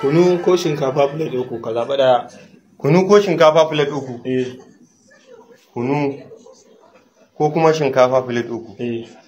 kunu ko shinkafa plate uku ka zaɓa da kunu ko shinkafa plate uku eh kunu ko kuma shinkafa plate uku eh